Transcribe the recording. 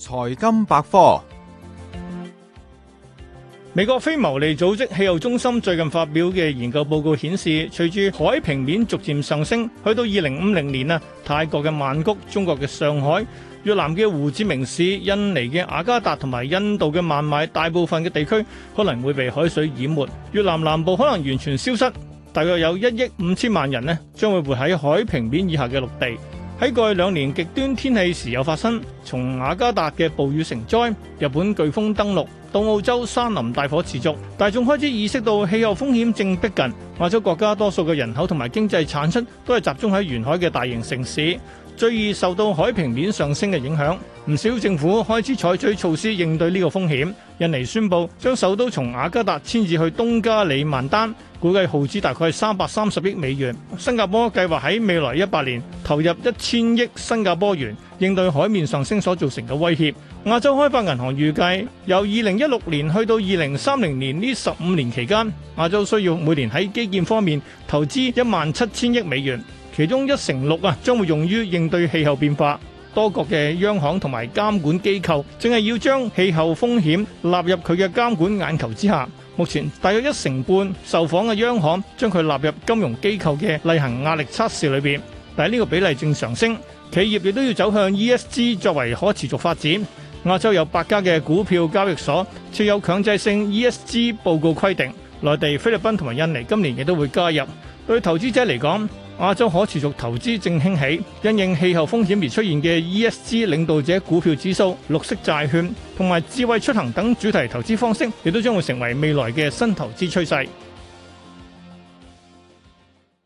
財金百科，美國非牟利組織氣候中心最近發表嘅研究報告顯示，隨住海平面逐漸上升，去到二零五零年啊，泰國嘅曼谷、中國嘅上海、越南嘅胡志明市、印尼嘅雅加達同埋印度嘅孟買，大部分嘅地區可能會被海水淹沒，越南南部可能完全消失，大約有一億五千萬人呢，將會活喺海平面以下嘅陸地。喺過去兩年，極端天氣時有發生，從雅加達嘅暴雨成災、日本颶風登陸到澳洲山林大火持續，大眾開始意識到氣候風險正逼近。亞洲國家多數嘅人口同埋經濟產出都係集中喺沿海嘅大型城市，最易受到海平面上升嘅影響。唔少政府開始採取措施應對呢個風險。印尼宣布將首都從雅加達遷至去東加里曼丹，估計耗資大概三百三十億美元。新加坡計劃喺未來一百年，投入一千億新加坡元應對海面上升所造成嘅威脅。亞洲開發銀行預計由二零一六年去到二零三零年呢十五年期間，亞洲需要每年喺基建方面投資一萬七千億美元，其中一成六啊將會用於應對氣候變化。多國嘅央行同埋監管機構正係要將氣候風險納入佢嘅監管眼球之下。目前大約一成半受訪嘅央行將佢納入金融機構嘅例行壓力測試裏邊。但係呢個比例正上升，企業亦都要走向 ESG 作為可持續發展。亞洲有八家嘅股票交易所設有強制性 ESG 報告規定，內地、菲律賓同埋印尼今年亦都會加入。對投資者嚟講，亞洲可持續投資正興起，因應氣候風險而出現嘅 ESG 領導者股票指數、綠色債券同埋智慧出行等主題投資方式，亦都將會成為未來嘅新投資趨勢。